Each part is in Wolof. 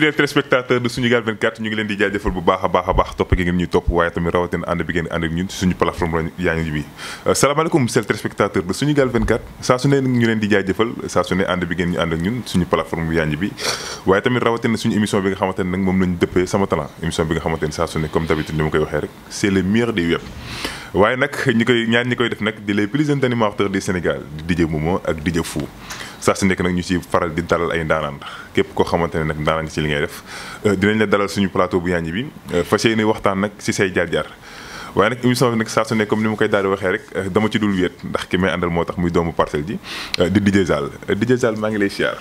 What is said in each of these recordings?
fidèles téléspectateurs de Sunugal 24 ñu leen di jaajëfal bu baax a baax a baax topp gi ngeen ñuy topp waaye tamit rawatina ànd bi ngeen ànd ak ñun euh, su ñu leen di jaajëfal saa su ne ànd bi ngeen ñu ànd suñu plateforme yaa ngi bi waaye tamit rawatina suñu émission bi nga xamante ne nag moom lañu dëppee sama talent émission bi nga xamante saa su comme d'habitude ni ma koy waxee rek c'est le meilleur web waaye nag ñi koy ñaar ñi koy def nag di les plus jeunes animateurs Sénégal di DJ Momo ak DJ Fou saa si nekk nag ñu si faral di dalal ay ndaanaan képp koo xamante ne nag ndaanaan ci li ngay def euh, dinañ la dalal suñu plateau bu yànji bi euh, fas yéene waxtaan nag si say jaar-jaar waaye nag émission bi nag saa su ne comme ni ma koy daal di waxee rek euh, dama ci dul wéet ndax ki may àndal moo tax muy doomu parcelle ji di DJ Zal DJ Zal maa ngi lay siyaar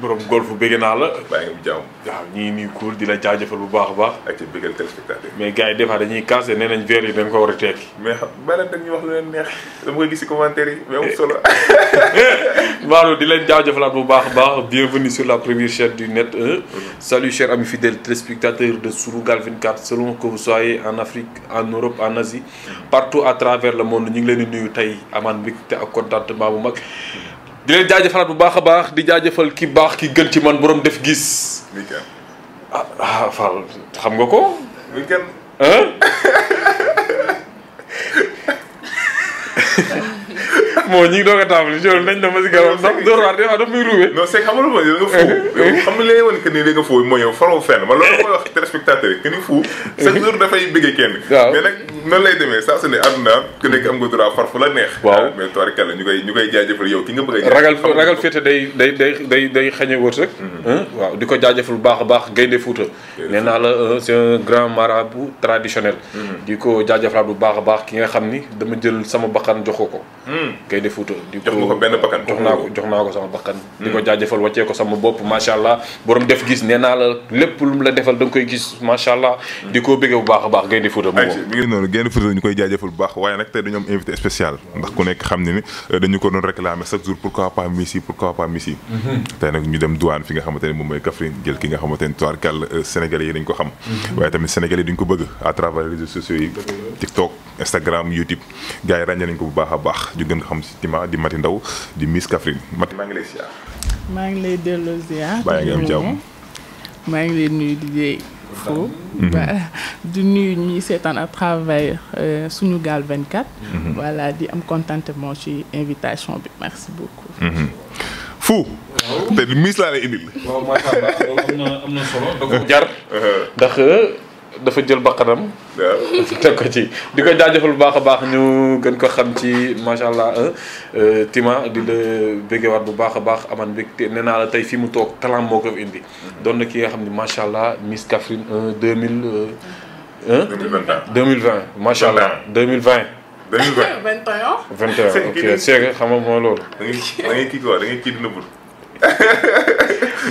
borom golf bëgg naa la. bàyyi nga bu jàmm. waaw ñu ngi nuyu di la jaajëfal bu baax a baax. mais gars yi des fois dañuy casse nee nañ verre yi dañ ko war a tekki. mais xam bala dañ ñu wax lu gis ci commentaire yi mais amul solo. di leen jaajëfalaat bu baax a baax bienvenue sur la première chaîne du net 1. salut chers amis fidèles téléspectateurs de sur 24 selon que vous soyez en Afrique en Europe en Asie hmm. partout à travers le monde ñu ngi leen di nuyu tey amaan mbégte ak contentement bu mag. di leen jaajëfalaat bu baax a baax di jaajëfal ki baax ki gën ci man borom def gis. ah ah Fall xam nga ko. weekend. moo ñu ngi doog a tàmbali jël nañ dem ba si garab ndax Dóor waar des fois daf muy ruube. non c' est xam nga lu ma yow nga fou. yow xam nga li lay wan que ni da nga fou mooy yow faroo fenn wax téléspectateur yi que ni fou. chaque dafay bëggee kenn. waaw mais nag noonu la ah, ñu koy ñu a. bu baax a baax gaynde Fuuta. nee naa la euh, c' est un bu marabout traditionnel. Mhm. di ko jaajëfalaat bu baax a baax ki nga xam ni dama jël sama bakkan joxo ko mhm. de Fouta. di ko jox nga ko benn bakkan jox naa ko jox naa ko sama bakkan. di ko jaajëfal wàccee sama bopp macha allah borom def gis nee la lépp lu la defal da koy gis macha allah. di ko bëggee baax a baax Gaynde Fouta. ayca mi ngi noonu Gaynde eh, mm-hmm. ñu dem douane fi nga xamante ne moom mooy Kaffrine jël ki nga xamante ne tubaarkàll eh, Sénégalais yi dañ ko xam. Mm-hmm. waaye tamit Sénégalais duñ ko bëgg à travers réseaux sociaux yi TikTok Instagram YouTube gars yi ràññee nañ ko bu baax a baax ñu gën xam doom si Tima di Mati Ndaw di Miss Kaffrine Mati maa ngi lay ziar. maa ngi lay ngi am jàmm maa ngi lay nuyu di jeey fo mhm. di nuyu ñi seetaan à travers suñu gaal 24. voilà di am contentement ci invitation bi merci beaucoup. Mhm. fu te Miss laa lay indil. jar uh-huh. ndax. Euh, dafa jël bakkanam teg ko ci di ko jaajëfal bu baax a baax ñu gën ko xam ci macha allah euh, euh, Tima di la béggewaat bu baax a baax aman bi te nee naa la tey fii mu toog talent moo ko indi. Mm-hmm. doon na ki nga xam ni macha allah Miss Kaffrine 2000. 2020 2020 macha allah 2020. 2020 21 21 ok Cheikh xam nga mooy loolu. da ngay da ngay kii quoi da ngay kii di nëbbul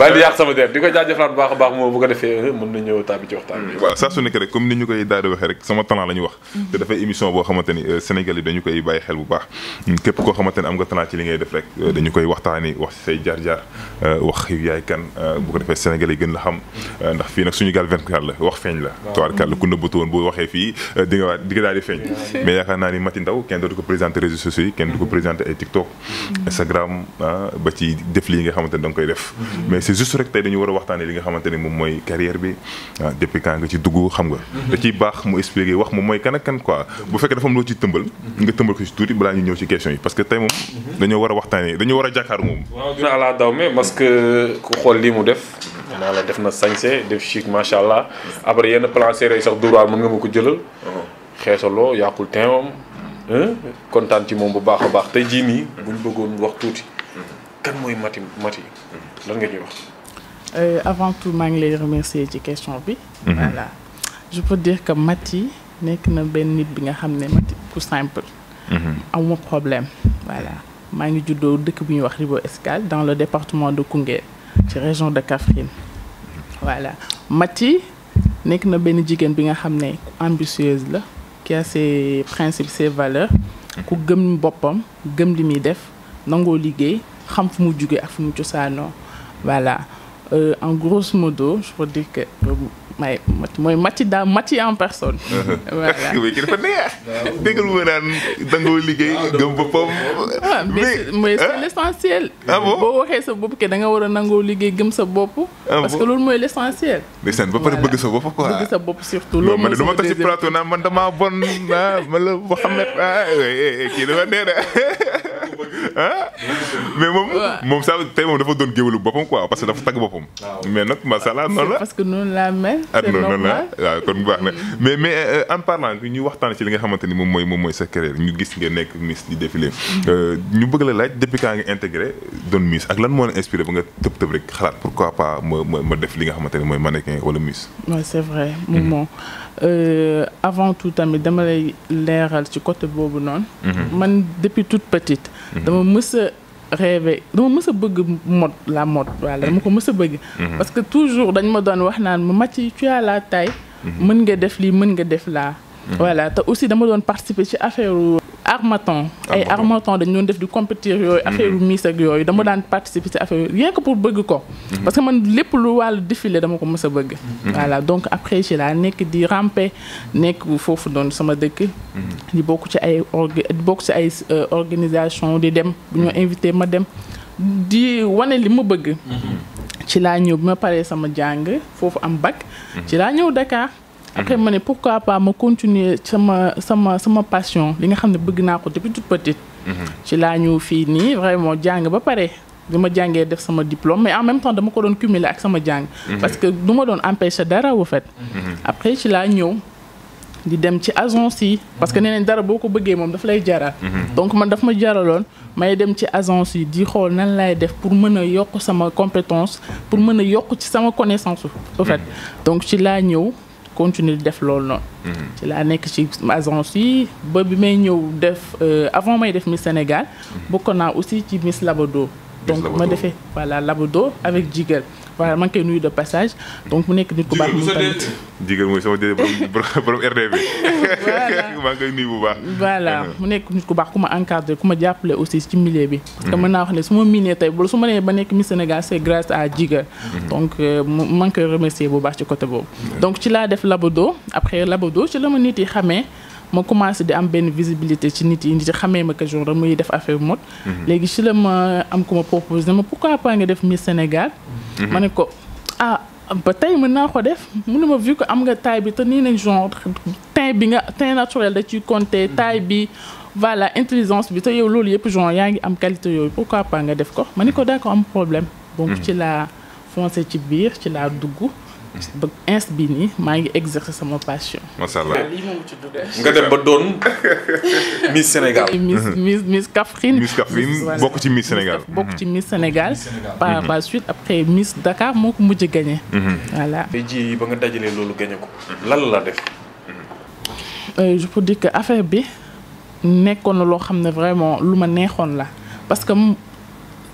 bàyyi di sama der di ko jaajëfalaat bu baax a baax moom bu ko defee mën na ñëw ci waxtaan waaw saa su nekk rek comme ni ñu koy daal di waxee rek sama talent la wax mhm. te dafay émission boo xamante euh, Sénégal yi dañu koy bàyyi xel bu baax mm, képp koo xamante am nga talent ci li ngay def rek euh, dañu koy waxtaani wax ci say jaar-jaar euh, wax yaay kan bu ko defee Sénégal yi gën la xam ndax fii nag suñu gaal 24 la wax feeñ la tubaarkàl ku nëbbatu woon bu waxee fii di nga waa di nga daal di feeñ mais yaakaar naa yi mhm. ah, nga xamante ni da nga koy def mhm. c'est juste rek tey dañu war a waxtaanee li nga xamante ne moom mooy carrière bi ah, depuis quand nga ci dugg xam nga. da ciy baax mu expliquer wax moom mooy kan ak kan quoi bu fekkee dafa am loo ci tëmbal. nga tëmbal ko ci tuuti balaa ñu ñëw ci question yi parce que tey moom. dañoo war a waxtaanee dañoo war a jàkkaar moom. parce que ku xool lii mu def. def na sañse def chic macha allah après yenn plan serré sax duuraal mën nga ma ko jëlal. xeesaloo yàqul teewam. kontaan ci moom bu baax a baax tey jii nii. buñ bëggoon wax tuuti. kan mooy Mati Mati. lan wax. Euh, avant tout maa ngi lay remercier ci question bi. Mhm. voilà je peux dire que Maty nekk na benn nit bi nga xam ne Maty ku simple. Mhm. amuma problème voilà maa ngi juddoo dëkk bu ñuy wax Ribo Escale dans le département de Koungheul ci région de Kaffrine voilà Maty nekk na benn jigéen bi nga xam ne ku ambitieuse la qui a ses principes ses mhm. ku gëm boppam gëm li muy def nangoo liggéey xam fu mu jugee ak fu mu cosaanoo voilà euh, en grosso modo je peux dire que euh, may mooy Maty daa Maty en personne. voilà mais ki dafa neex. dégg nga naan dangoo liggéey. Ah, gëm boppam. mais ah, mais c'est l'essentiel. ah boo waxee sa bopp ke da nga war a nangoo liggéey gëm sa bopp. Ah parce que loolu mooy l'essentiel. ndeysaan ba pare bëgg sa bopp quoi. bëgg sa bopp surtout loolu mooy sa ma tax ci plateau naa man damaa bon ah man la Mouhamed kii dafa neex mais moom moom saa tey moom dafa doon géwélu boppam quoi parce dafa tagg boppam. Ah, mais nag macha allah noonu la parce que noonu laa mel. la waaw ah, ah, kon bu baax na mais mais euh, en parlant ñu waxtaan ci li nga xamante ni moom mooy moom mooy sa carrière ñu gis nga nekk Miss di défilé. Euh, ñu bëgg la laaj depuis quand nga intégré doon Miss ak lan moo la inspiré ba nga tëb tëb rek xalaat pourquoi pas ma def li nga xamante ni mooy mannequin wala Miss. waaw c'est vrai mhm. moom euh, avant tout tamit dama lay leeral ci côté boobu noonu. Mhm. man depuis Mhm. dama mës a rêvé dama mës a bëgg mode la mode wala dama ko mës bëgg. Mhm. parce que toujours dañ ma doon wax naan ma màcc tu as la taille. Mhm. mën nga def lii mën nga def laa. voilà te aussi dama doon participer ci affaire armaton ay armaton dañu doon def di compétir yooyu mhm. affaire miis ak yooyu dama mhm. daan participer ci affaire yooyu rien pour bëgg ko mhm. parce que man lépp lu wàllu défilé dama ko mës a bëgg voilà donc après ci laa nekk di ramper nekk foofu doon sama dëkk di bokk ci ay bokk ci ay euh, organisation di dem bu ñoo invité ma dem di wane li ma bëgg ci laa ñëw bi ma paree sama jàng foofu am bac ci laa ñëw Dakar après ma ne pourquoi pas ma continuer sama sama sama passion li nga xam ne bëgg naa ko depuis toute petite. Mhm. ci laa ñëw fii nii vraiment jàng ba pare. bi ma jàngee def sama diplôme mais en même temps dama ko doon cumuler ak sama jàng. Mhm. parce que duma ma doon empêcher dara wu fait. Mhm. après ci laa ñëw. di dem ci agence yi parce que nee nañ dara boo ko bëggee moom dafa lay jaral donc man daf ma jaraloon may dem ci agence yi di xool nañ laay def pour mën a yokk sama compétence pour mën a yokk ci sama connaissance au fait donc ci laa ñëw continuer di def loolu noonu. Mhm. ci laa nekk ci agence yi ba bi may ñëw def euh, avant may def Miss Sénégal. Mhm. bokk naa aussi ci Miss Labado. donc ma defee voilà Labado avec Jigéen. voilà maa ngi koy nuyu de passage donc mu nekk nit ku baax. moom tamit jigéen mooy sama borom bi maa ngi koy nuyu bu baax. voilà ah. mu nekk nit ku baax ku ma encadré ku ma jàppale aussi ci milieu bi. parce que mm-hmm. mën naa wax ne su ma miinee tey bu su ma nee ba nekk mi Sénégal c'est grâce à Jiga. Mm-hmm. donc euh, maa ngi koy remercier bu baax ci côté boobu. Mm-hmm. donc ci laa def Labado après Labado ci la ma nit yi xamee. ma commencé di am benn visibilité ci nit yi nit yi xamee ma que jour muy def affaire mode. Mhm. léegi ci la ma am ku ma proposé ne ma pourquoi pas nga def Miss Sénégal. Mhm. ma ne ko ah ba tey mën naa ko def mu ne ma vu que am nga taille bi te nii nañ genre teint bi nga teint naturel da ci compter mhm. taille bi. voilà intelligence bi te yow loolu yëpp genre yaa ngi am qualité yooyu pourquoi pas nga def ko ma ne ko ko am problème. donc ci laa foncé ci biir ci laa dugg. ba inst bi nii maa ngi exercer sama passion. nga dem ba doon Miss Sénégal. Miss Miss mhm. Miss Kaffrine. Miss Kaffrine bokk ci Miss Sénégal. bokk ci Miss Sénégal. par mhm. la suite après Miss Dakar moo ko mujj gagné. Mhm. voilà. tey jii ba nga dajalee loolu gagné ko. lan la def. Euh, je peux dire que affaire bi nekkoon na loo xam ne vraiment lu ma neexoon la parce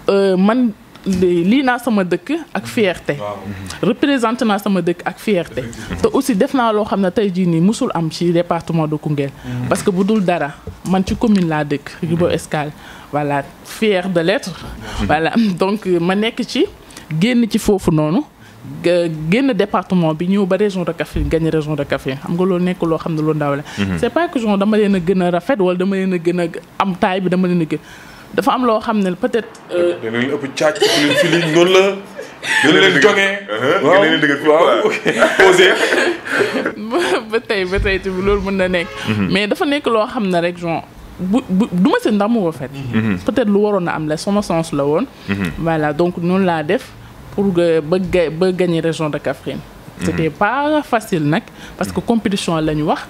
euh, man. lii naa sama dëkk ak fierté mhm. représenté naa sama dëkk ak fierté te aussi def naa loo xam ne tey jii nii mosul am ci département de Koungheul mhm. parce que bu dul dara man ci commune laa dëkk Ribo mhm. Escale voilà fière de l'être voilà donc euh, ma nekk ci génn ci foofu noonu génn département bi ñëw ba région de Kaffrine gagné région de Kaffrine xam nga loolu nekk loo xam ne lu ndaw la c'est pas que genre dama leen gën a rafet wala dama leen gën a am taille bi dama leen dafa am loo xam ne peut-être. Euh, da leen ëpp caac leen loolu mën na nekk. Mhm. mais dafa nekk loo xam ne rek genre. bu bu du ma si ndamu ba fet peut-être lu waroon a am la sama sens la woon. Mhm. voilà donc noonu laa def pour ba ga ba gagner région de Kaffrine. c'était pas facile nag parce que compétition la ñu wax.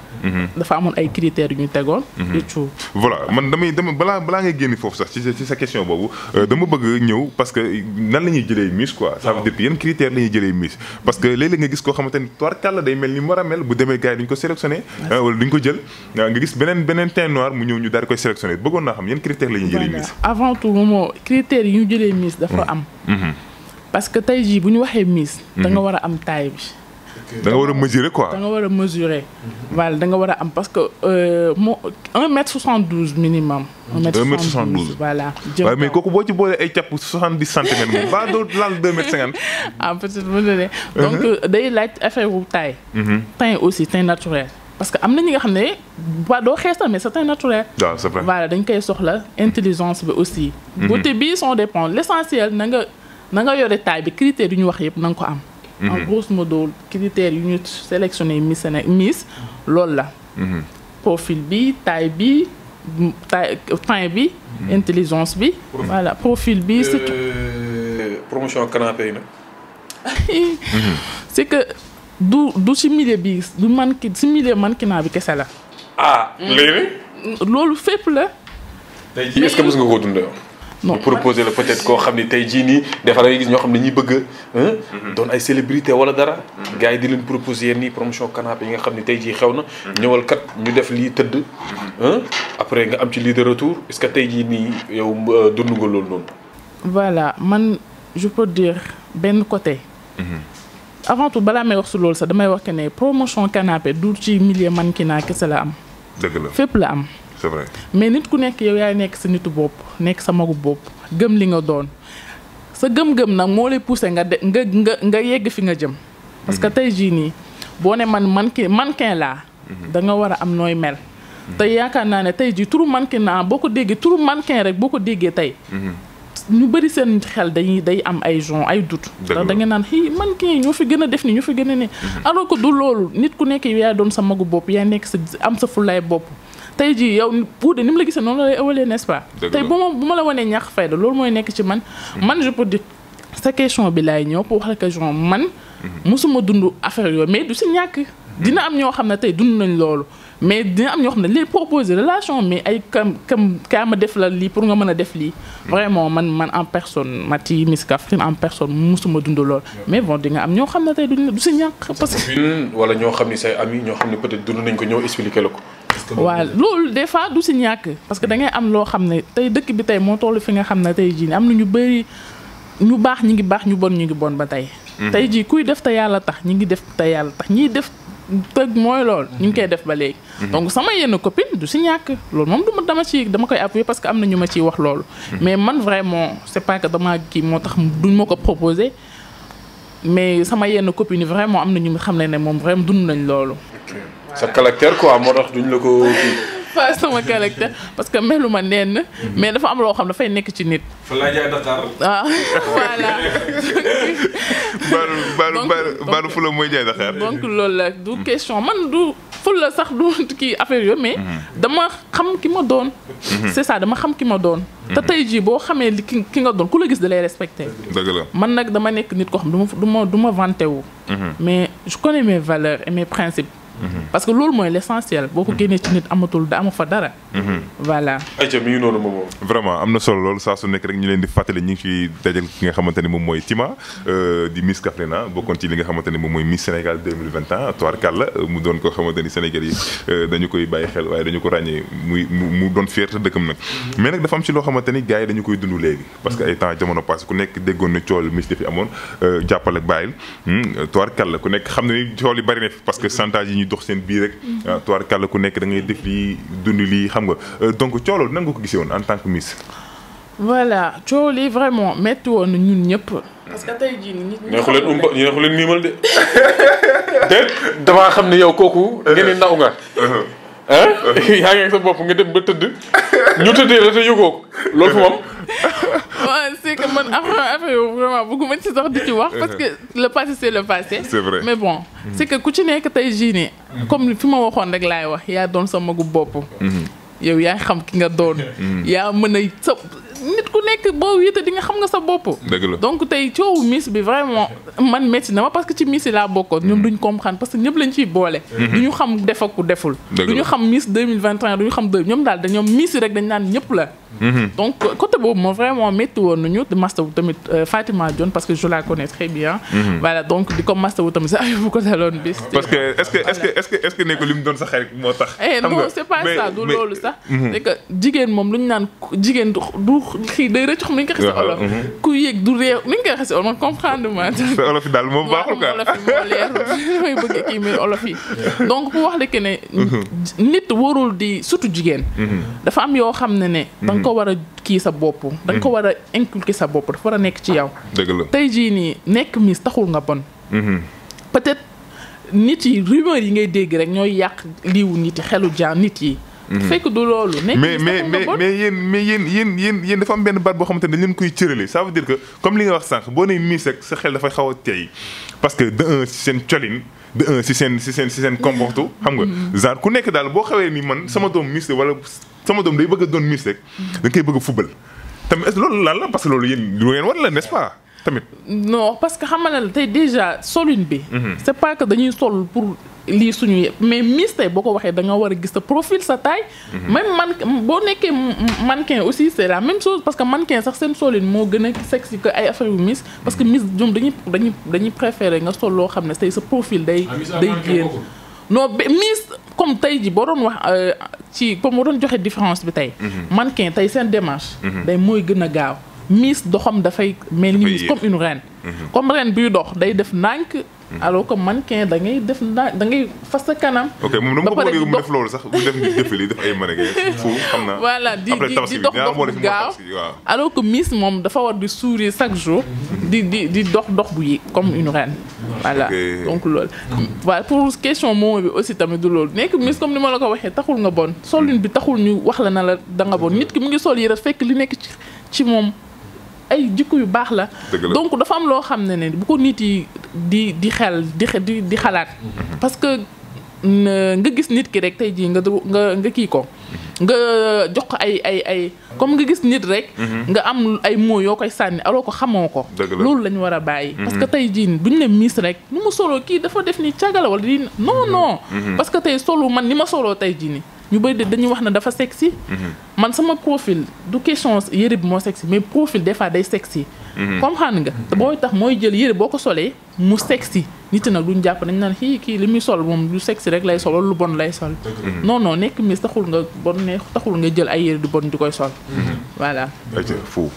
dafa amoon ay critères yu ñu tegoon. et tout voilà man damay dama balaa balaa ngay génn foofu sax ci sa question boobu euh, dama bëgg ñëw parce que nan la ñuy jëlee Miss quoi. ça veut yan critères la ñuy jëlee Miss. parce que léeg nga gis ko xamante ni toile day mel ni mu war a mel bu demee gars duñ ko sélectionné. Euh, wala duñ ko jël nga gis beneen beneen teint noir mu ñëw ñu daal di koy sélectionné bëggoon naa xam yan critères la ñuy jëlee Miss. avant tout moom ñu jëlee Miss dafa hmm. am. Hmm. parce que tey jii bu ñu waxee mise. Mhm. danga nga war a am taille bi. da war a mesurer quoi. da nga war a mesurer. Mhm. da nga war a am parce que euh, moo 1 mètre 72 minimum. 1 mètre 72 voilà. jëm waaye mais kooku boo ci boolee ay capp 70 centimètres moom ba doo laal 2 mètres 50. ah peut-être bu mhm. euh, ne naturel. parce que am na ñi nga xam ne waa doo xees mais c'est naturel. waaw c'est vrai voilà dañ koy soxla intelligence bi aussi. beauté bi son dépend l'essentiel na nga. nanga yore taay bi critères yu ñu wax yëpp nanga ko am. Mhm. en grosso modo critères yu ñu sélectionné Miss Sénégal Miss loolu la. Mhm. profil bi taille bi taille teint bi. Mhm. intelligence bi. voilà profil bi surtout. Euh, promotion canapé yi nag. c'est que du du ci milieu bi du man ki ci milieu mannequinat bi kese la. ah mm. loolu fépp la. tey jii est nga koo dundee non proposer la peut-être koo xam ni tey jii nii des fois gis ñoo xam ne ñi bëgg mhm. doon ay célébrité wala dara mhm. gars yi di leen proposer yenn nii promotion canapé yi nga xam ne tey jii xew na mhm. ñëwal kat ñu def lii tëdd après nga am ci lii de retour est que tey jii nii yow euh, dund nga loolu noonu voilà man je peux dire benn côté avant tout balaa may wax su loolu sax damay wax que ne promotion canapé du ci man milieu naa kese la am dëgg fépp la am c'est mais nit ku nekk yow yaay nekk sa nitu bopp nekk sa magu bopp gëm li nga doon sa gëm-gëm nag moo lay poussé nga de nga nga nga yegg fi nga jëm. parce que mhm. tey jii nii boo ne man mannequin mannequin laa. Mhm. da nga war a am nooy mel. te mhm. yaakaar naa ne tey jii turu mannequin naa boo ko déggee turu mannequin rek boo ko déggee tey. ñu bëri seen xel dañuy day am ay jon ay doute ndax da ngeen naan xii mannequin ñoo fi gën a def ni ñoo fi gën a ne alors que du loolu nit ku nekk yaay doon sa magu bopp yaay nekk sa am sa fulaay bopp. tey jii yow de ni mu la gisee noonu la lay ëwalee n'est-ce pas. tey bu ma bu ma la wanee ñàkk fayda loolu mooy nekk ci man. Hmm. man je peux dire sa question bi laay ñëw pour wax la question man. mosuma hmm. dund affaire yooyu mais du ñàkk. Hmm. dina am ñoo xam ne tey dund nañ loolu. mais dina am ñoo xam ne lii proposer relation mais ay kam kam kaa ma def la lii pour nga mën a def lii. vraiment man man en personne Maty Miss Kaffrine en personne musuma dund lool. mais bon di nga am ñoo xam ne tey duñ du si ñàkk parce que. wala ñoo xam ni say amis ñoo xam ne peut-être dund nañ ko ñëw expliquer la ko. waaw loolu des fois du si ñàkk parce que da ngay am loo xam ne tey dëkk bi tey moo toll fi nga xam ne tey jii am na ñu bëri ñu baax ñu ngi baax ñu bon ñu ngi bon ba tey mhm. tey jii kuy def te yàlla tax ñi ngi def te yàlla tax ñiy def tëgg mooy lool ñu ngi mhm. koy def ba léegi mhm. donc sama yenn copine du si ñàkk loolu moom dama ci dama koy appuyer parce que am na ñu ma ciy wax loolu mais man vraiment c'est pas que dama kii moo tax duñ ma ko proposer mais sama yenn copine vraiment am na ñu xam ne ne moom vraiment dund nañ loolu sa caractère quoi moo tax duñ la ko. waaw sama caractère parce que melu ma nenn mais dafa am loo xam dafay nekk ci nit. fa laa jaay Dakar. waaw ah, voilà. fula mooy jaay Dakar. donc loolu la du question man du fula sax du kii affaire yooyu mais. Mhm. dama xam ki ma doon. Mhm. c'est ça dama xam ki ma doon. te mhm. tey jii boo xamee li ki ki nga doon ku la gis da lay respecté. dëgg la man nag dama nekk nit koo xam du ma du ma du ma vanté wu. mais je Mhm. parce que loolu mooy l' essentiel. boo ko mhm. génnee ci nit amatul da amu fa dara. Mhm. voilà. ayca mi ngi noonu moom vraiment am na solo loolu saa su nekk rek ñu leen di fàttali ñu nga xamante ne moom mooy Tima euh, di Miss Kaffrina bokkoon ci li nga xamante ne moom mooy euh, mu doon ko xamante ni Sénégal yi euh, dañu koy bàyyi xel waaye dañu ko ràññee mu doon fierté dëkkam nag. mais dafa am ci loo xamante ni dañu koy dund léegi. parce que ay temps jamono passé ku nekk déggoon na cool Miss dox seen biir rek mm-hmm. ah, tuwaar kàlla ku nekk da ngay def lii dund lii xam nga euh, donc coow loolu ko gisee woon en tant que miss voilà coow lii vraiment métti woon na ñun ñëpp. parce que tey jii nit de. déet damaa xam ne yow kooku. ngeen ni ndaw nga. Uh-huh. yaa ngi sa bopp nga dem ba tëdd ñu tëddee la te yëgoo ko loolu moom. waaw c'est que man après affaire yow vraiment bëgguma ci sax di ci wax. parce que le passé c'est le passé. mais bon. c'est que ku ci nekk tey jii nii. comme fi ma waxoon rek laay wax yaa doon sama gub bopp. Mhm. yow yaa xam ki nga doon. Hmm. yaa mën a sa nit ku nekk boo wéete di xam nga sa bopp. donc tey coowu miss bi vraiment man métti na ma parce que ci miss yi laa bokkoon. ñoom hmm. duñ comprendre hmm. xam def ñoom daal dañ naan ñëpp la. donc côté boobu moom tamit euh, Fatima Dione parce que je la connais bien. voilà donc di ko mastawu bu ko daloon bis. parce que est-ce que est-ce que est-ce que nekkul li mu doon sa xarit moo tax. Eh xam sax c'est que jigéen moom lu ñu naan jigéen du xii mhm. ku yéeg du réew mi ko xasee olof man comprendre ma olof yi daal moom la que mhm. di surtout jigéen mhm. dafa am yoo xam ne ne danga ko war a kii sa bopp danga ko war a inculquer sa bopp dafa war a nekk ci yow dëgg la tey jii nii nekk miss taxul nga bon peut-être nit yi rumeur yi ngay dégg rek ñooy yàq liiwu nit yi xelu jaan nit yi Mhm. fekk du loolu. mais mais mais yéen mais yéen yéen yéen yéen dafa am benn baat boo xamante ne koy cërale ça veut dire que comme li nga wax sànq boo nee miis rek sa xel dafay xaw a tey parce que de un seen colin de un seen comportu xam nga mhm. genre ku nekk daal boo xawee ni man sama doom miis wala sama doom day bëgg a doon miis rek mhm. da koy bëgg a tamit loolu lan la parce que loolu yéen lu ngeen la n'est-ce pas parce que xam nga ne tey déjà solin bi. c'est pas que dañuy sol lii suñu yëpp mais Miss tey boo ko waxee da war a gis sa profil sa taille. Mhm. même man boo nekkee mannequin aussi c' est la même chose parce que mannequin sax seen solin moo gën a sexy que ay affaire yu Miss. parce que Miss ñoom dañuy dañuy dañuy préféré nga sol loo xam ne tey sa profil day. Ah, day génn non Miss comme tey ji boo doon wax euh, ci comme moo doon joxe différence bi tey. Mhm. mannequin tey seen démarche. Mhm. day mooy gën a gaaw. miis doxam dafay mel ni miis comme une reine mhm. comme reine buy dox day def nànk mhm. alors que mannequin da ngay def naa da ngay fas sa kanam. ok moom dama ko bëggee sax bu def défilé def ay mannequin fu xam naa. voilà di dox dox bu gaaw alors que Miss moom dafa war di sourire chaque jour. Mhm. di di di dox dox bu yi comme une reine. voilà donc loolu. voilà pour question moom bi aussi tamit du loolu nekk Miss comme ni ma la ko waxee taxul nga bon. solin bi taxul ñu wax la na la da nga bon nit ki mu ngi sol yére fekk li nekk ci ci moom. ay jikko yu baax la. donc dafa am loo xam ne ne bu ko nit yi di di xel di di xalaat. Mm-hmm. parce que nga gis nit ki rek tey jii nga nga nga kii ko. Mm-hmm. nga jox ko ay ay ay comme nga gis nit rek. Mm-hmm. nga am ay mots yoo koy sànni aloo ko xamoo ko. loolu lañu war a bàyyi. parce que tey jii ñu ne miis rek nu mu soloo kii dafa def nii cagala wala di non non. parce que tey solo man ni ma soloo tey jii nii. ñu bëri dañuy wax ne dafa sexy mm-hmm. man sama profil du question yëre bi moo sexy mais profil des fois day sexy Mhm. comprendre nga booy tax mooy jël yére boo ko solee mu sexy nit nag duñ jàpp nañ naan xii kii li muy sol moom lu sexy rek lay sol lu bon lay sol non non nekk mis taxul nga bon ne taxul nga jël ay yére du bon di koy sol mhm. voilà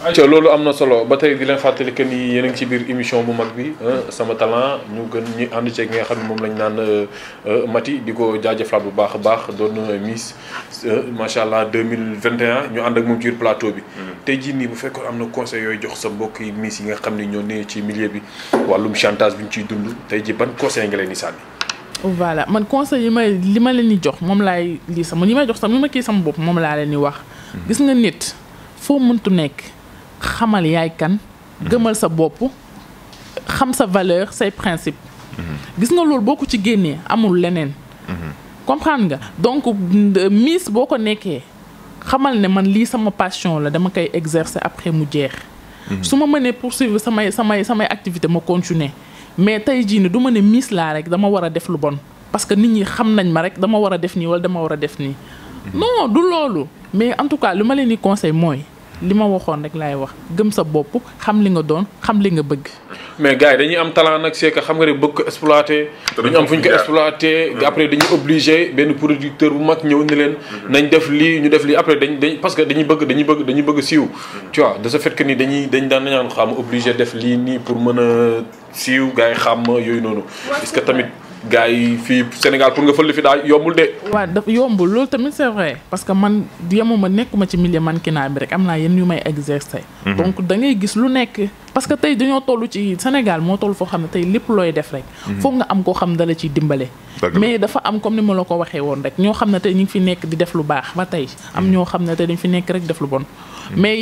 ayca loolu am na solo ba tey di leen fàttali que ni yéen ci biir émission bu mag bi sama talent ñu gën ñu ànd ceeg nga xam ne moom lañ naan euh, euh, Mati di ko jaajëfal bu baax a baax doon euh, Miss macha allah 2021 ñu ànd ak moom ci biir plateau bi mhm. te jii nii bu fekkoon am na conseil yooyu jox sa mbokk yi yi yi nga xam ne ñoo ne ci milieu bi wàllum chantage bi ñu ciy dund tey ji ban conseil nga leen di sànni voilà man conseil yi may li ma leen di jox moom laay lii sama li may jox sama li ma kii sama bopp moom laa leen wax mhm. gis nga nit foo mëntu nekk xamal yaay kan mhm. gëmal sa bopp xam sa valeur say principe mhm. gis nga loolu boo ko ci génnee amul leneen comprendre nga donc miss boo ko nekkee xamal ne man lii sama passion la dama koy exercer après mu jeex Mm-hmm. su ma mënee poursuivre samay samay samay activité ma continuer mais tey jiine du ma ne miis laa rek dama war a def lu bon parce que nit ñi xam nañ ma rek dama war a def nii wala dama war a def nii mm-hmm. non du loolu mais en tout cas li ma leen di conseil mooy li ma waxoon rek laay wax gëm sa bopp xam li nga doon xam li nga bëgg. mais gars yi dañuy am talent nag c'est que xam nga rek bëgg ko exploité. duñu am fu ñu ko exploité. Mm-hmm. après dañuy benn producteur bu mag ñëw ni leen. Mm-hmm. nañ def lii ñu def lii après dañ dañ parce que dañuy bëgg dañu bëgg dañuy bëgg siiw. Mm-hmm. tu vois de nii dañuy dañ daan nañu xam obligé def lii nii pour mën a siiw gars yi xam yooyu noonu. est que tamit. gars yi fii Sénégal pour nga fël fi daa yombul de. waaw dafa yombul loolu tamit c'est vrai man yemuma nekkuma ci milieu mannequinat bi rek am naa yenn yu may exercer. Mhm. donc da ngay gis lu nekk. parce que tey dañoo toll ci Sénégal moo toll foo xam ne tey lépp looy def rek. Mhm. foog nga am koo xam dala ciy dimbale. mais dafa am comme ni ma la ko waxee woon rek ñoo xam ne tey ñu ngi fi nekk di def lu baax ba tey. am mhm. ñoo xam ne tey dañ fi nekk rek def lu bon. mais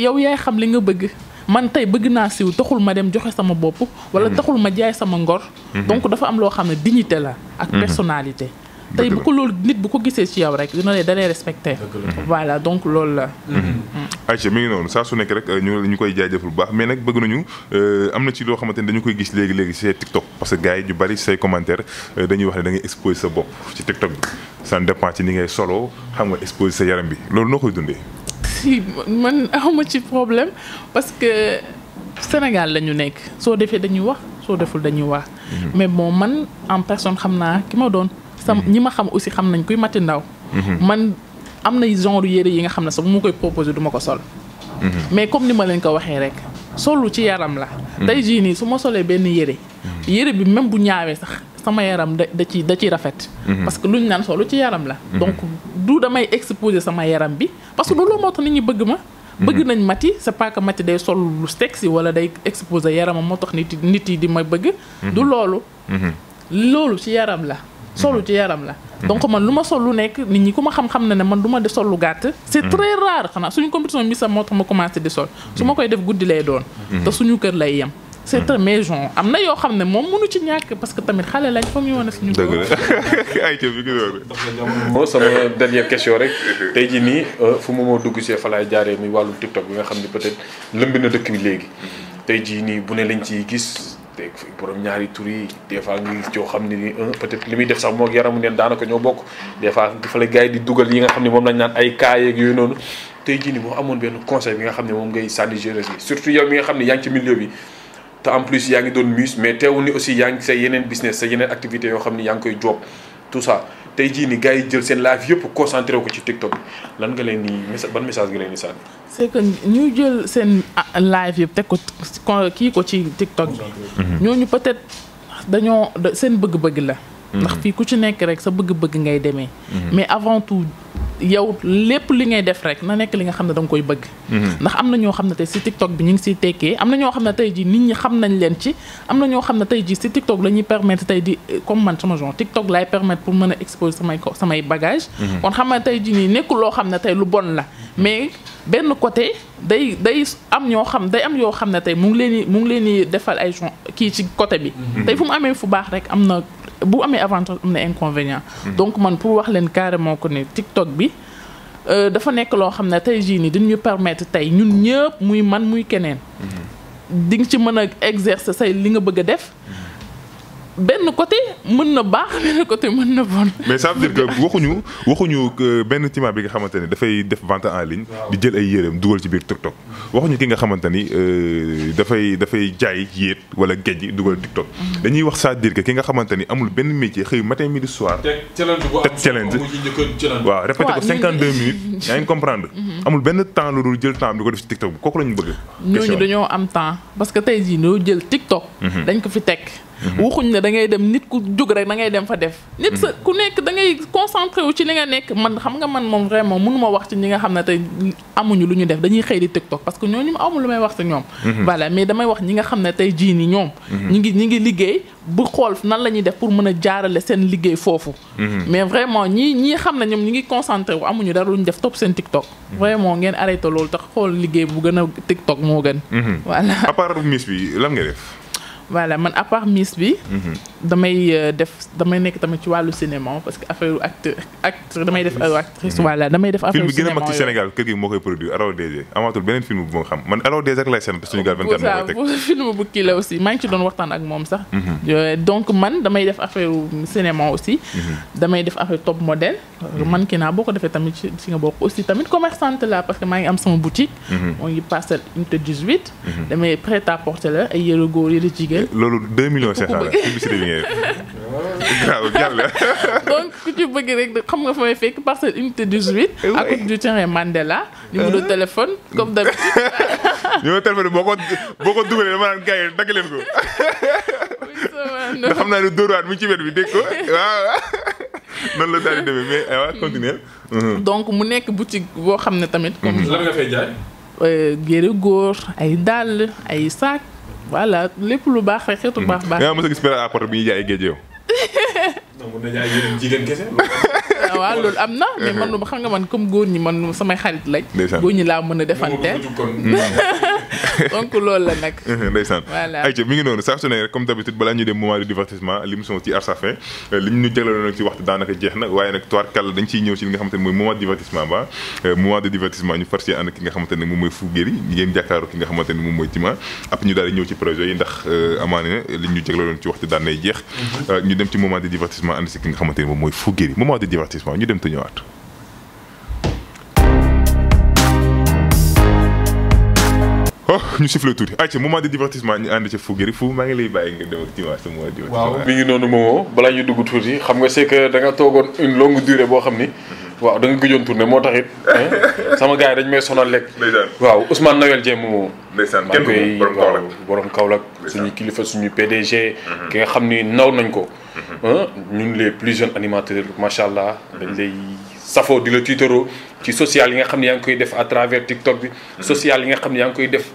man tey bëgg naa siiw taxul ma dem joxe sama bopp wala mm. taxul ma jaay sama ngor mm-hmm. donc dafa am loo xam ne dignité la ak mm-hmm. personnalité tey bu ko loolu nit bu ko gisee ci yow rek dina lee dalee respecté voilà donc loolu la mm-hmm. Aïcha mi ngi noonu saa su nekk rek euh, ñu ñu koy jaajëfal bu baax mais nag bëgg nañu euh, am na ci loo xamante ni dañu koy gis léegi léegi ci TikTok parce que gars yi ñu bari say commentaire euh, dañuy wax ne da ngay exposer sa bopp ci TikTok bi ça dépend ci ngay solo xam nga exposer sa yaram bi loolu noo koy dundee si man awma ci problème parce que Sénégal la ñu nekk soo defee dañuy wax soo deful dañuy wax. Mhm. mais moom man en personne xam naa ki ma doon. sam mhm. ñi ma xam aussi xam nañ kuy mati ndaw. Mhm. man am nay genre yére yi nga xam ne sax mu koy proposé duma ko sol. mais comme ni ma leen ko waxee rek. solu ci yaram la. tey jii su ma solee benn yére. yére bi même bu ñaawee sax. sama yaram da da ci da ciy rafet. Mhm. parce que lu luñ naan solo ci yaram la. Mhm. donc du damay exposer sama yaram bi parce que loolu moo tax nit ñi ma. Mhm. bëgg nañ Maty c'est pas que Maty day sol lu sexy wala day exposer yaramam moo tax nit nit yi di ma bëgg. du loolu. loolu ci yaram la. solu ci yaram la. donc man lu ma sol lu nekk nit ñi ku ma xam-xam na ne man duma ma di lu gàtt. c'est très rare xanaa suñu compétition bi sax moo tax ma commencé di sol. su ma koy def guddi lay doon. te suñu kër lay yem. c'est un maison am na yoo xam ne moom mënu ci ñàkk parce que tamit xale lañ foog ñu wane suñu. dëgg la ay bi oh, sama dernière question rek tey jii nii euh, fu ma moo dugg see fa laay jaaree muy wàllum TikTok bi nga xam ne peut-être lëmbi na dëkk bi mm-hmm. tey jii nii bu ne lañ ciy gis. nga gis yoo xam ne ni peut-être li muy def sax moog yaramu neen daanaka ñoo bokk des fois dafa la di dugal yi nga xam ne moom lañ naan ay cas yeeg yooyu noonu tey jii nii boo amoon benn conseil bi nga xam ne moom ngay sànni jeunesse bi surtout yow mi nga xam ne yaa ngi ci milieu bi te en plus yaa ngi doon mus mais teewul ni aussi yaa ngi say yeneen business sa yeneen activité yoo xam ni yaa ngi koy job tout ça tey jii ni gars yi jël seen live yëpp concentré ko ci TikTok lan nga leen di message ban message nga leen di sànni. c'est que ñu jël seen ah, live yëpp teg ko kii ko ci TikTok bi. Mhm. ñooñu peut-être dañoo seen bëgg-bëgg la. Mhm. ndax fii ku ci nekk rek sa bëgg-bëgg ngay demee. Mhm. mais avant tout. yow lépp li ngay def rek na nekk li nga xam ne da nga koy bëgg. Mhm. ndax am na ñoo xam ne tey si TikTok bi ñu ngi siy tekkee am na ñoo xam ne tey jii nit ñi xam nañ leen ci am na ñoo xam ne tey jii si TikTok la ñuy permettre tey di eh, comme man sama genre TikTok laay permettre pour mën a exposer samay samay bagage mhm. kon xam ne tey jii nii nekkul loo xam ne tey lu bon la mais benn côté day day am ñoo xam day am yoo xam ne tey mu ngi leen mu ngi leen defal ay jon kii ci côté bi. Mhm. tey fu mu amee fu baax rek am na. bu amee avantage am na inconvénient mhm. donc man pour wax leen carrément ko ne TikTok bi euh, dafa nekk loo xam ne tey jii nii dañu permettre tey ñun ñëpp muy man muy keneen mhm. di nga ci mën a exercer say li nga bëgg a def mhm. benn côté mën na baax benn côté mën na bon. mais ça veut dire que waxuñu waxuñu benn ciment bi nga xamante ne dafay def vente en ligne. di jël ay yéreem dugal ci biir TikTok. waxuñu ki nga xamante ni euh, dafay dafay jaay yéet wala géej dugal TikTok. dañuy wax ça veut dire ki nga xamante ni amul benn métier xëy matin midi soir. teg challenge bu am challenge waaw répété minutes. yaa amul benn temps lu dul jël temps di ko def ci TikTok bi kooku la ñu bëgg. question dañoo am temps parce que tey ñoo jël TikTok. Mhm. dañ ko fi teg. Mm-hmm. waxuñ ne da ngay dem nit ku jóg rek da ngay dem fa def nit sa mm-hmm. ku nekk da ngay concentré wu ci li nga nekk man xam nga man moom vraiment mënu ma wax ci ñi nga xam ne tey amuñu lu ñu def dañuy xëy di TikTok parce que ñooñu amu lu may wax ci ñoom mm-hmm. voilà mais damay wax ñi nga xam ne tey jii nii ñoom ñi ngi ñi ngi liggéey bu xool nan la ñuy def pour mën a jaarale seen liggéey foofu mais vraiment ñi ñi xam ne ñoom ñi ngi concentré wu amuñu dara lu ñu def topp seen TikTok vraiment ngeen arrêté loolu tax xool liggéey bu gën a TikTok moo gën voilà à Miss bi lan nga def voilà man à part Miss bi. Mhm. damay euh, def damay nekk tamit ci wàllu cinéma parce que affaire acteur acteur damay def actrice. Mhm. film bi gën a mag ci Sénégal kër gi moo koy produire Araw DG amaatul beneen film bu ma xam man Araw DG rek lay seen suñu gaal 24 film bu kii aussi maa ngi ci doon waxtaan ak moom sax. Mhm. Euh, donc man damay def affaire cinéma aussi. damay def affaire top modèle. man kii naa boo ko defee tamit si nga bokk aussi tamit commerçante la parce jël. Eh, loolu 2 millions 500 la publicité bi ngeen donc ku ci bëgg rek xam nga fa may fekk parcelle unité 18. Eh à côté du terrain Mandela. numéro de eh. téléphone comme d'habitude. numéro téléphone boo ko dugalee dama naan gars yi ko. waaw. noonu la daal di demee mais aywa hmm. continuer. Hmm. donc mu nekk boutique boo xam ne tamit. comme hmm. lan nga euh, ay dàll ay saak. voilà lépp lu baax rek xeetu baax baax. nga mos a gis pere à côté bi ñuy jaay géej yow. non mun na jaay yeneen loolu am na mais man xam nga man comme góor ñi man samay xarit lañ. góor ñi laa mën a defante. donc loolu la nag. ndeysaan voilà ayca mi ngi noonu saa su ne rek comme d'habitude balaa ñuy dem moment de divertissement l'émission ci Arsafin euh, li ñu jagleeloon nag ci waxtu daanaka jeex euh, ndax euh, amaane li ñu jagleeloon ci waxtu daan jeex mhm. ñu dem ci moment de divertissement ànd si ki nga xamante ne mooy Fouguéry moment de divertissement ñu dem te ñëwaat Oh, ñu sifflé tuuti ay ci moment de divertissement ñu ànd ci Fouguiri Fou maa ngi lay bàyyi nga dem ak dimanche waaw mi ngi noonu moomoo balaa ñu dugg tuuti xam nga c'est que da nga toogoon une longue durée boo xam ni. Mhm. waaw da nga gëjoon tournée moo tax sama gars yi dañ may sonal lekk. waaw Ousmane Noël Dieng moomoo. ndeysaan kenn ku borom Kaolack borom Kaolack suñu kilifa suñu PDG. Mhm. ki nga xam ni naw nañ ko. Mhm. ñun les plus jeunes animateurs macha allah. dañ lay safoo di la tiitaroo ci social yi nga xam ne yaa ngi koy def à travers TikTok bi. Mhm. social yi nga xam ne yaa ngi koy def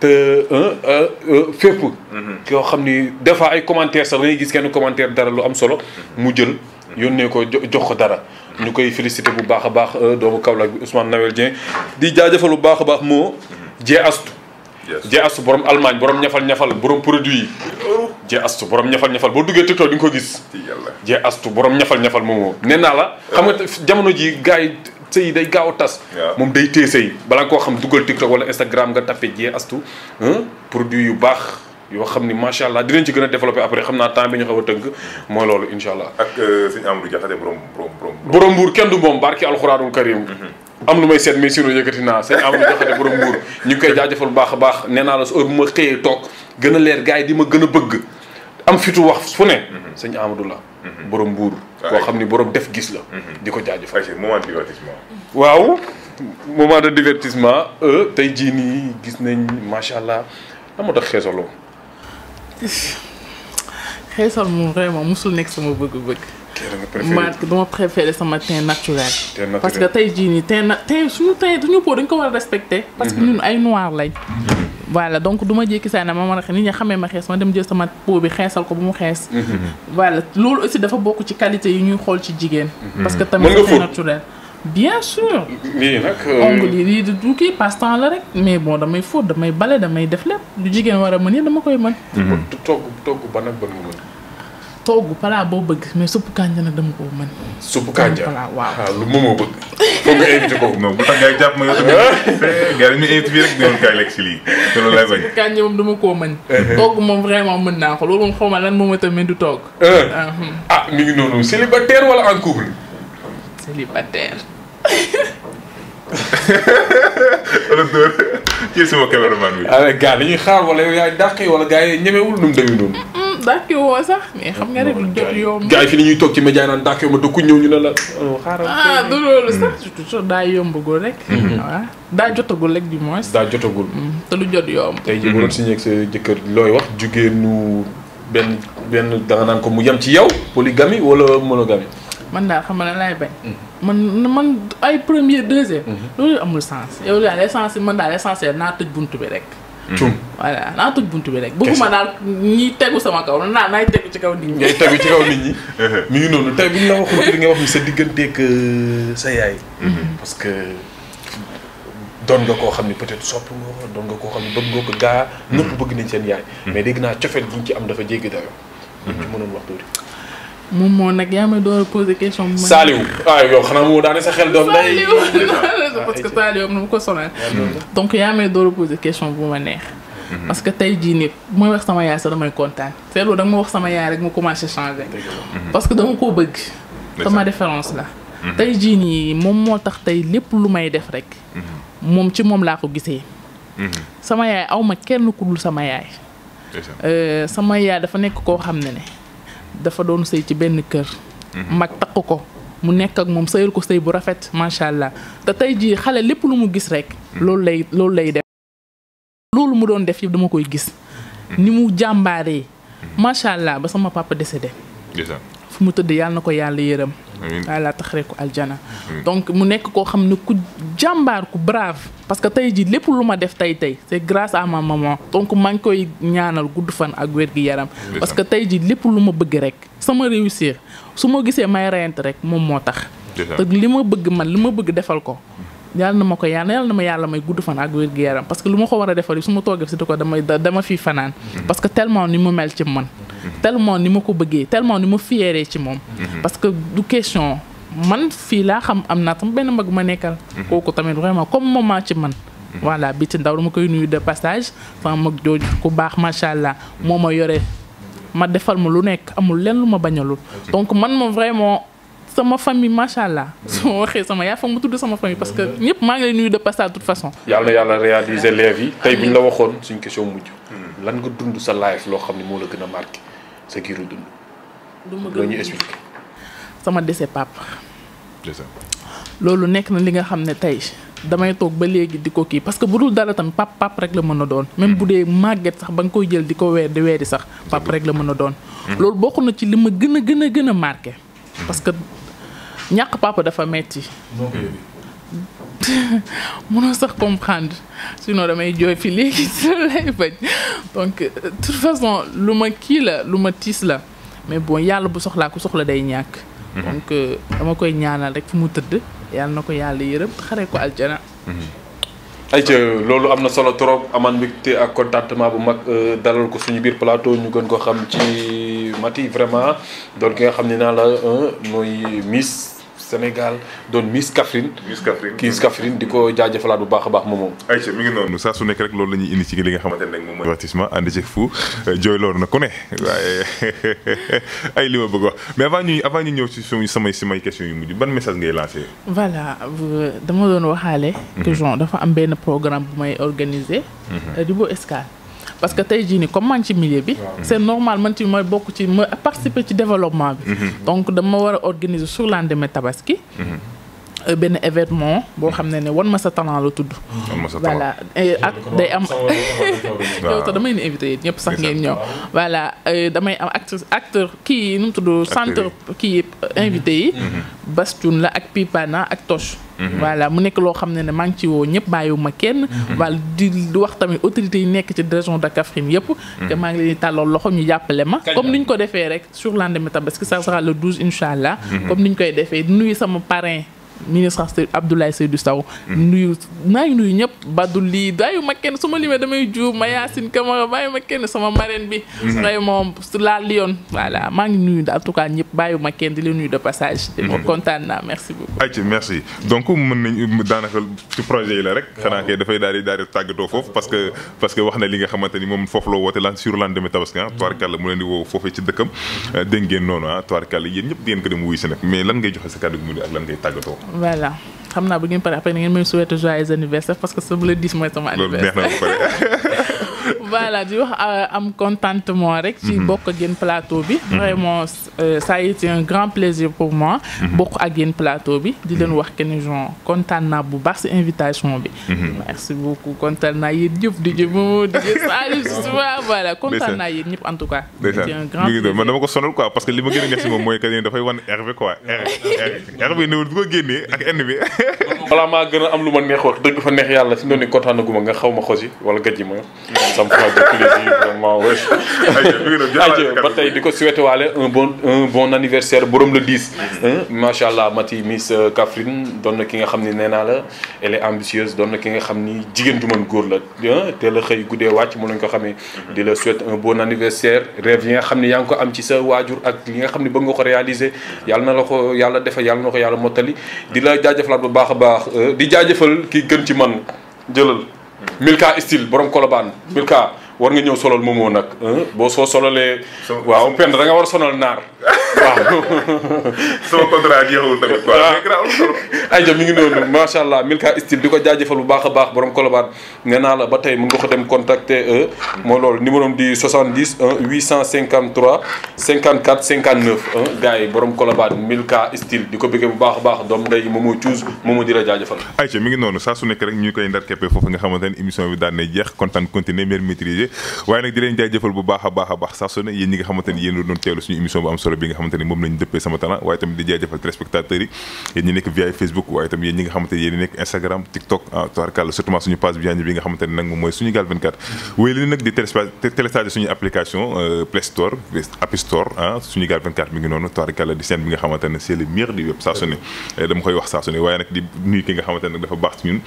te euh, euh, euh, fépp. Mhm. yoo xam ni des fois ay commentaires sax dañuy gis kenn commentaire dara lu am solo mhm. mu jël yónnee ko jox ko dara. ñu koy félicité bu baax a baax doomu Kaolack bi Ousmane Nawel Dieng di jaajëfal bu baax a baax moo jee astu jee astu borom Allemagne borom ñafal-ñafal borom produit yi jee oh. astu borom ñafal-ñafal boo duggee TikTok di nga ko gis jee astu borom ñafal-ñafal moom nee naa la xam nga eh. jamono ji gars sëy day gaaw a tas. moom day téye sëy balaa nga koo xam dugal TikTok wala Instagram nga tapé jee astu produit yu baax yoo xam ni macha allah dinañ ci gën a développé après xam naa temps bi ñu xaw a tënk mooy loolu incha euh, borom borom kenn du moom barki alxuraanul karim mm-hmm. am lu may seet mais sinon yëkkati naa sëñ Amadou Diakhaté borom mbuur ñu koy jaajëfal bu baax a baax nee naa la heure bu ma xëyee toog gën a leer gars yi di ma gën a bëgg am fitu wax fu ne mm-hmm. sëñ amadu la mm-hmm. borom mbuur boo xam ni borom def gis la. Mhm. di ko jaajëfal moment de divertissement. waaw moment de divertissement e, tey jii nii gis nañ macha allah lan moo tax xeesaloo. xeesal moom vraiment musul nekk sama bëgg-bëgg. ma dama préféré sama teint naturel parce que tey jii nii teint na teint suñu teint duñu peau dañ ko war a respecté parce que mhm. ñun ay noir lañ mhm. voilà donc duma ma jékki saa na ma mën a nit ñi xamee ma xees ma dem jël sama peau bi xeesal ko bu mu xees. Mhm. voilà loolu aussi dafa bokk ci qualité yu ñuy xool ci jigéen. Mhm. parce que tamit c'est naturel. bien sûr. lii nag. Euh, ongle yi lii du la rek mais bon damay fóot damay bale damay def la lu jigéen war a mën yëpp dama koy mën. togg togg ban ak ban nga mën. togg palaa boo bëgg mais suppu kànja nag dama ko mën. suppu kànja waaw ah, lu moom bëgg. foog nga invité ko. non bu tax ngay jàpp ma yow eh, dama koo mën. Uh-huh. togg moom vraiment mën naa ko loolu moom xaw ma lan moom tamit du togg. Uh-huh. Uh-huh. ah mi ngi noonu célibataire wala en couple. célibataire. rëddër ci sama cameraman ah, xaar wala yow yaa dàqi wala gars ñemewul nu mu noonu. dàkki woo sax mais xam nga rek du jot yomb. gars yi fi ni ñuy toog ci média naan dàkki ma dëkku ñëw ñu ne la. Oh, xaaral ah du loolu sax. Hmm. toujours daa yombagul rek. Hmm. waaw daa jotagul rek du moins. daa jotagul. Hmm. te lu jot yomb. tey jii bu doon signé ak sa looy wax jugee nu benn benn danga naan ko mu yem ci yow polygamie wala monogamie. man daal xam nga lan laay bañ. man man ay premier deuxième. loolu amul sens yow daal l'essentiel man daal l'essentiel naa tëj bunt bi rek. cum voilà naa tëj buntu bi rek. bëgguma naa ñiy tegu sama kaw naa naay tegu ci kaw nit ñi. ngay tegu ci kaw nit ñi. mi ngi noonu tey bu la waxul li nga wax ni sa digganteeg euh, sa yaay. Mhm. parce que doon nga koo xam ni peut-être sopp nga ko doon nga koo xam ni bëgg nga ko gaa. ñëpp mhm. bëgg nañ seen yaay. Mhm. mais dégg naa cofet gi ñu ci am dafa jéggi dayoo. ñu ci mënoon wax tuuti. moom moo nag yaa may door a question. bu ma Saliou ah sa xel doom. parce que Saliou am na mu ko sonal. donc yaa may door a posé ma neex. Mhm. parce que tey jii nii sama yaay sax damay kontaan. seetlu da ma wax sama yaay rek mu commencé changé. Mhm. parce que dama koo bëgg. sama référence la. Mhm. tey jii nii moom moo tax tey lépp lu may def rek. moom ci moom laa ko gisee. sama yaay aw ma kenn ku dul sama yaay. Euh, sama yaay dafa nekk koo xam ne ne. dafa doon sëy ci benn kër. Mhm. mag takk ko mu nekk ak moom sëyal ko sëy bu rafet macha allah te tey jii xale lépp lu mu gis rek. Mhm. loolu lay loolu lay def. loolu mu doon def yëpp dama koy gis. Mhm. ni mu jàmbaaree. macha allah ba sama papa décédé. fu mu tëdd yàlla na ko yàlla yërëm. ala taxareeku aljana donc mu nekk koo xam ne ku jàmbaar ku brave parce que tey ji lépp lu ma def tey tey c'est grâce à ma maman donc maa ngi koy ñaanal gudd fan ak wér gi yaram parce que tey ji lépp lu ma bëgg rek sama réussir su ma gisee may reyante rek moom moo tax te li ma bëgg man li ma bëgg defal ko yàlla na ma ko yàlla yàlla na may gudd fan ak wér gu yaram parce que lu ma ko war a defal yi su ma toogee si ko damay dama fi fanaan mhm. parce que tellement ni mu mel ci man mhm. tellement ni ma ko bëggee tellement ni ma fiyeeree ci moom mhm. parce que du question man fii laa xam am naa tam benn mag ma nekkal kooku tamit vraiment comme moment ci man voilà bi ci ndaw dama koy nuyu de passage sama mag jooju ku baax macha allah moom ma yore ma defal ma lu nekk amul lenn lu ma bañalul donc man sama famille macha allah mm. su ma waxee sama yaa fa mu tudd sama famille parce que mm. ñëpp maa ngi lay nuyu de passage de toute façon. yàlla na yàlla réaliser lève yi tey bu ñu la waxoon suñ question mujj. Mm. lan nga dund sa life loo xam ne moo la gën a marqué sa giiru dund. du ma gën ñu expliqué. sama décès papa. loolu nekk na li nga xam ne tey. damay toog ba léegi di ko kii parce que bu dul dara tamit pap pap rek la mën a doon même bu dee màgget sax ba nga koy jël di ko weer di weeri sax pap rek la mën a doon loolu bokk na ci li ma gën a gën a gën a marqué parce ñàq papa dafa metti mënoo sax comprendre sinon damay jooy fi léegi si lay bañ donc euh, de façon lu ma kii la lu ma tiis la mais bon yàlla bu soxlaa ku soxla day ñàkk. Mhm. donc euh, dama koy ñaanal rek fu mu tëdd yàlla na ko yàlla yërëm xare ko aljana. Mhm. ayca loolu am na solo trop amaan mbégte ak contentement bu mag euh, dalal ko suñu biir plateau ñu gën ko xam ci Maty vraiment doon ki nga xam ne naa la mooy Miss. Sénégal doon Miss Kaffrine. Miss Kaffrine Miss di ko jaajëfalaat bu baax a baax moom. ayca mi saa su nekk rek loolu la ñuy indi ci li nga xamante ne moom mooy divertissement ànd ci fu euh, jooy na ku ne waaye ay li ma bëgg wax mais avant ñuy avant ñu ñëw ci suñu samay samay questions yu mujj ban message ngay lancé. voilà dama doon waxaale. que mhm. genre dafa am benn programme bu may organiser. Ribot mhm. euh, Escale. parce que tey jii ni comme maa ngi ci milieu bi. seen normal man ci ma bokk ci ma participer ci développement bi. Mm-hmm. donc dama war a organiser sur lendemain tabaski. Mm-hmm. Euh, benn événement boo xam ne ne wan ma sa talent la tudd. voilà euh, ak day am. yow te damay ñëpp sax ngeen ñëw. voilà euh, damay am acteur acteur kii yi nu mu tudd centre kii invité yi. Mm-hmm. Mm-hmm. Bastoun la ak Pipana ak Toch. Mm-hmm. voilà mu nekk loo xam ne ne maa ngi ci woo ñëpp bàyyiwuma kenn. wala di wax tamit autorités yi nekk ci région de Kaffrine yëpp. te maa ngi leen di tàllal loxo ñu jàppale ma. comme ni ñu ko defee rek sur lendemain Tabaski ça sera le 12 incha allah. comme ni ñu koy defee nuyu sama parrain. ministre Abdoulaye Seydou Sow mm-hmm. nuyu maa ngi nuyu ñëpp baddu lii dayu ma kenn su ma limee damay juub ma Yacine Camara bàyyi ma kenn sama marraine bi day moom mm-hmm. la Lyon voilà maa ma kenn di leen nuyu de passage mm-hmm. te kontaan naa merci beaucoup ayca merci donc mën nañ daanaka ci projet yi la rek xanaa kay dafay daal di tàggatoo foofu parce que wax na li nga xamante ni moom foofu la woote lan sur lan demi tabaski ah toirkall mu leen di woo foofee ci dëkkam euh, dégg noonu ah toirkall yéen voilà xam naa bu ngeen paree après na ngeen may souhaiter joyeux anniversaire parce que sama le 10 mooy sama anniversaire voilà di wax euh, am contentement rek. ci mhm. bokk ak yéen plateau bi. Mhm. vraiment euh, ça a été un grand plaisir pour moi. Mhm. bokk ak yéen plateau bi. di leen wax que ni genre kontaan naa bu baax se invitation bi. merci beaucoup kontaan naa yéen ñëpp di jë di jë Saalum voilà kontaan naa yéen ñëpp en tout cas. c'est un grand plaisir man dama ko sonal quoi parce que li ma gën a ñor si moom mooy que ni dafay wan R bi quoi R R bi néew du ko génnee ak N bi. voilà maa gën a am lu ma neex wax dëgg fa neex yàlla si noonu kontaan na nga xaw ma xosi wala gàjji Madoukilissi vraiment wesh. ba tey di ko souhaité waale un bon un bon anniversaire borom la 10. macha allah Mati Miss euh, Kaffrine doon na ki nga xam ni nee naa la elle est ambitieuse doon na ki nga xam ni jigéen ju mën góor la teel la xëy guddee wàcc mën nañu ko xamee. Mhm. di la souhaité un bon anniversaire rêve yi nga xam ni yaa ngi ko am ci sa waajur ak li nga xam ni bëgg nga ko réaliser mhm. yàlla na la ko yàlla defal yàlla na ko yàlla mottali di la jaajëfalaat bu baax a baax euh, di jaajëfal ki gën ci man jëlal. Milka style borom kolo baan Milka war nga ñëw solal moomoo nag boo soo solalee waaw pend da nga war a sonal naar waaw sama contrat jeexul tamit quoi ay jam mi ngi noonu macha allah Milka style di ko jaajëfal bu baax a baax borom Colobane nee la ba tey mën nga ko dem contacter euh, mooy loolu numéro di 70 1 853 54 59 gars yi borom Colobane Milka style di ko bëggee bu baax a baax doom ndey moom moo cuus moom moo di la jaajëfal ay mi ngi noonu saa su nekk rek ñu koy ndar foofu nga xamante émission bi daan na jeex kontaan continuer mieux maîtriser waaye nag di leen a a baax saa su bi nga xamante moom lañu dëppee sama talent waaye tamit di jaajëfal téléspectateurs yi yéen ñi nekk via Facebook waaye tamit yéen ñi nekk Instagram TikTok ah tubaarkàlla surtout suñu page bi nga xamante nag moom mooy suñu gaal euh, ah, web saa eh, dama koy wax saa waaye nag di nuyu ki nga xamante dafa baax ci ñun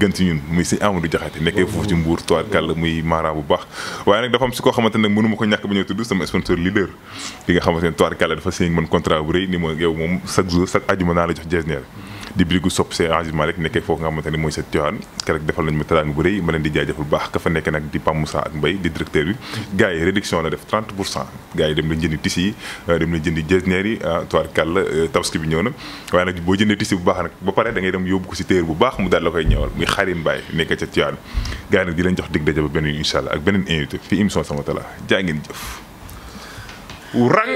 gën ci ñun muy sëñ Amadou Jaxate nekkee foofu ci Mbuur tubaarkàlla muy maara bu baax waaye nag dafa am si koo xamante nag mënuma ko ñàkk ba ñëw tudd sama dafa signé man contrat bu rëy ni ma yow moom chaque jour chaque ajuma naa la jox jeesneer di birigu sopp seen engagement rek nekkee foofu nga xamante ne mooy sa Tivaouane keroog defal nañu ma teraanga bu rëy ma leen di jaajëfal bu baax ka fa nag di Pam ak Mbaye di directeur bi gars réduction la def 30 pour cent gars dem nañ jëndi tissu yi euh, dem nañ jëndi jeesneer yi euh, toir kàll euh, tabaski bi ñëw na waaye nag boo jëndee tissu bu baax nag ba pare da ngay dem yóbbu ko si téer bu baax mu daal la koy ñëwal muy Rang